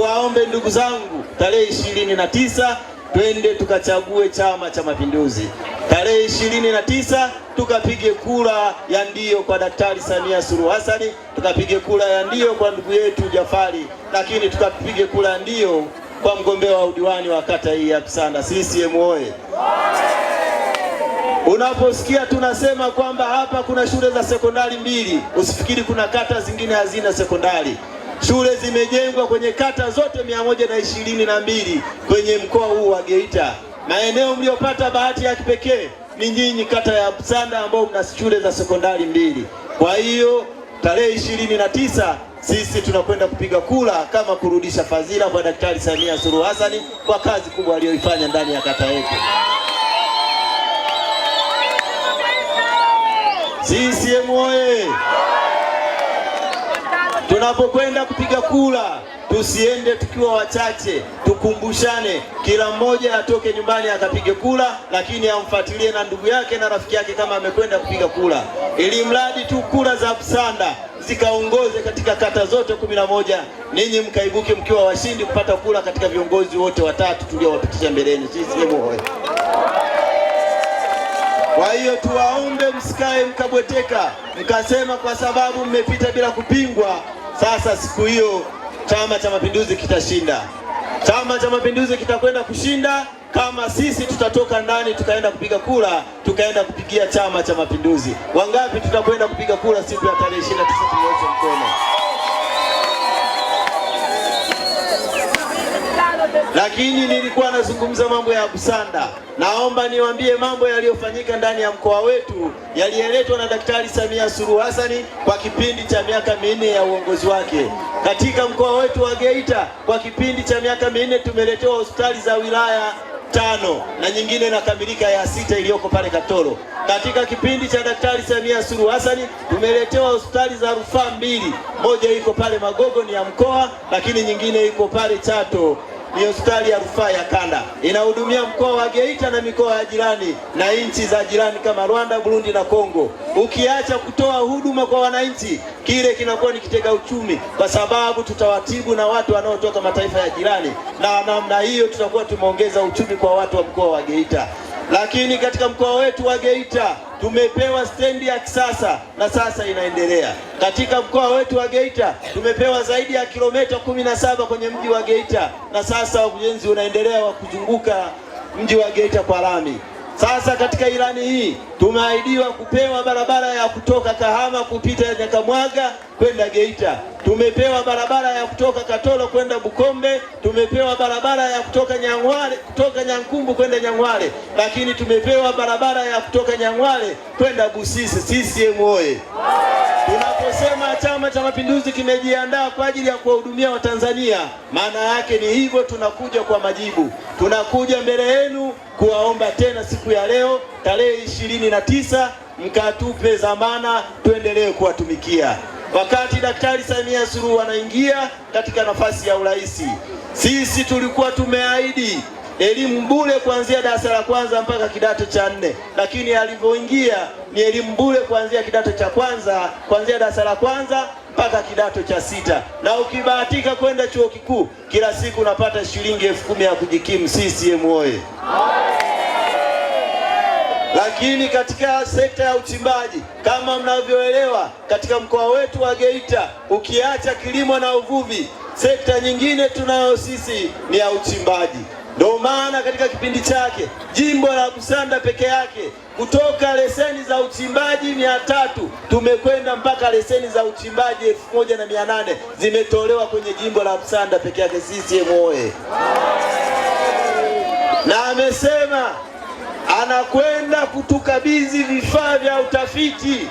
Tuwaombe ndugu zangu, tarehe ishirini na tisa twende tukachague Chama cha Mapinduzi. Tarehe ishirini na tisa tukapige kura ya ndio kwa Daktari Samia Suluhu Hasani, tukapige kura ya ndio kwa ndugu yetu Jafari, lakini tukapige kura ya ndio kwa mgombea wa udiwani wa kata hii ya Kisanda. CCM oye! Unaposikia tunasema kwamba hapa kuna shule za sekondari mbili, usifikiri kuna kata zingine hazina sekondari. Shule zimejengwa kwenye kata zote mia moja na ishirini na mbili kwenye mkoa huu wa Geita, na eneo mliopata bahati ya kipekee ni nyinyi kata ya Sanda ambao mna shule za sekondari mbili. Kwa hiyo tarehe ishirini na tisa sisi tunakwenda kupiga kura kama kurudisha fadhila kwa Daktari Samia Suluhu Hassan kwa kazi kubwa aliyoifanya ndani ya kata yetu. CCM oye! tunapokwenda kupiga kura tusiende tukiwa wachache, tukumbushane, kila mmoja atoke nyumbani akapige kura, lakini amfuatilie na ndugu yake na rafiki yake kama amekwenda kupiga kura, ili mradi tu kura za Busanda zikaongoze katika kata zote kumi na moja, ninyi mkaibuke mkiwa washindi kupata kura katika viongozi wote watatu tuliowapitisha mbeleni. CCM oyee! Kwa hiyo tuwaombe, msikae mkabweteka, mkasema kwa sababu mmepita bila kupingwa sasa siku hiyo Chama cha Mapinduzi kitashinda. Chama cha Mapinduzi kitakwenda kushinda kama sisi tutatoka ndani tukaenda kupiga kura, tukaenda kupigia Chama cha Mapinduzi. Wangapi tutakwenda kupiga kura siku ya tarehe 29? Tunyoshe mkono. lakini nilikuwa nazungumza mambo ya Busanda. Naomba niwaambie mambo yaliyofanyika ndani ya mkoa wetu yaliyeletwa na Daktari Samia Suluhu Hassan kwa kipindi cha miaka minne ya uongozi wake. Katika mkoa wetu wa Geita kwa kipindi cha miaka minne tumeletewa hospitali za wilaya tano na nyingine inakamilika ya sita iliyoko pale Katoro. Katika kipindi cha Daktari Samia Suluhu Hassan tumeletewa hospitali za rufaa mbili, moja iko pale Magogo ni ya mkoa, lakini nyingine iko pale Chato ni hospitali ya rufaa ya kanda inahudumia mkoa wa Geita na mikoa ya jirani na nchi za jirani kama Rwanda, Burundi na Kongo. Ukiacha kutoa huduma kwa wananchi, kile kinakuwa ni kitega uchumi, kwa sababu tutawatibu na watu wanaotoka mataifa ya jirani, na namna hiyo tutakuwa tumeongeza uchumi kwa watu wa mkoa wa Geita. Lakini katika mkoa wetu wa Geita tumepewa stendi ya kisasa na sasa inaendelea. Katika mkoa wetu wa Geita tumepewa zaidi ya kilomita kumi na saba kwenye mji wa Geita na sasa ujenzi unaendelea wa kuzunguka mji wa Geita kwa lami. Sasa katika ilani hii tumeahidiwa kupewa barabara ya kutoka Kahama kupita Nyakamwaga kwenda Geita, tumepewa barabara ya kutoka Katoro kwenda Bukombe, tumepewa barabara ya kutoka Nyang'wale, kutoka Nyankumbu kwenda Nyang'wale, lakini tumepewa barabara ya kutoka Nyang'wale kwenda Busisi. CCM oye! Unaposema Chama cha Mapinduzi kimejiandaa kwa ajili ya kuwahudumia Watanzania, maana yake ni hivyo, tunakuja kwa majibu, tunakuja mbele yenu kuwaomba tena siku ya leo tarehe ishirini na tisa mkatupe zamana tuendelee kuwatumikia. Wakati Daktari Samia Suluhu anaingia katika nafasi ya urais, sisi tulikuwa tumeahidi elimu bure kuanzia darasa la kwanza mpaka kidato cha nne, lakini alivyoingia ni elimu bure kuanzia kidato cha kwanza, kuanzia darasa la kwanza mpaka kidato cha sita, na ukibahatika kwenda chuo kikuu kila siku unapata shilingi elfu kumi ya kujikimu. CCM oye! Lakini katika sekta ya uchimbaji kama mnavyoelewa, katika mkoa wetu wa Geita, ukiacha kilimo na uvuvi, sekta nyingine tunayo sisi ni ya uchimbaji. Ndio maana katika kipindi chake jimbo la Busanda peke yake kutoka leseni za uchimbaji mia tatu tumekwenda mpaka leseni za uchimbaji elfu moja na mia nane zimetolewa kwenye jimbo la Busanda peke yake. CCM oye! Na amesema anakwenda kutukabidhi vifaa vya utafiti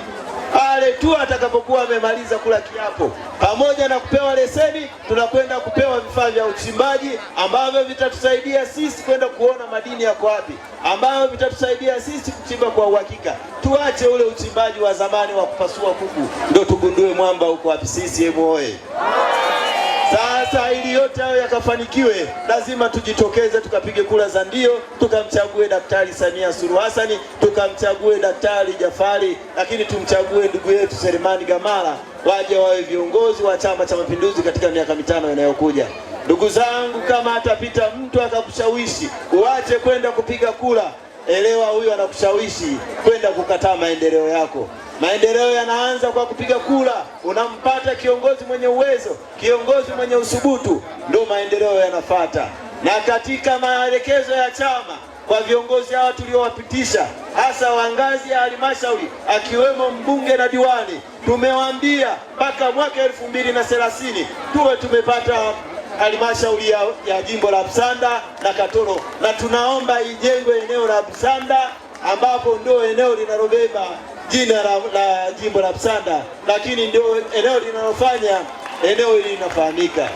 pale tu atakapokuwa amemaliza kula kiapo, pamoja na kupewa leseni, tunakwenda kupewa vifaa vya uchimbaji ambavyo vitatusaidia sisi kwenda kuona madini yako wapi, ambavyo vitatusaidia sisi kuchimba kwa uhakika. Tuache ule uchimbaji wa zamani wa kupasua kuku, ndio tugundue mwamba huko wapi. CCM oye! Sasa ili yote hayo yakafanikiwe, lazima tujitokeze tukapige kura za ndio, tukamchague Daktari Samia Suluhu Hassani, tukamchague Daktari Jafari, lakini tumchague ndugu yetu Selemani Gamara, waje wawe viongozi wa Chama cha Mapinduzi katika miaka mitano inayokuja. Ndugu zangu, kama atapita mtu akakushawishi uache kwenda kupiga kura, elewa huyo anakushawishi kwenda kukataa maendeleo yako. Maendeleo yanaanza kwa kupiga kura. Unampata kiongozi mwenye uwezo, kiongozi mwenye usubutu, ndio maendeleo yanafata. Na katika maelekezo ya chama kwa viongozi hawa tuliowapitisha, hasa wa ngazi ya halmashauri, akiwemo mbunge na diwani, tumewaambia mpaka mwaka elfu mbili na thelathini tuwe tumepata halmashauri ya, ya jimbo la Busanda na Katoro, na tunaomba ijengwe eneo la Busanda ambapo ndio eneo linalobeba jina la, la jimbo la Msanda, lakini ndio eneo linalofanya eneo hili linafahamika.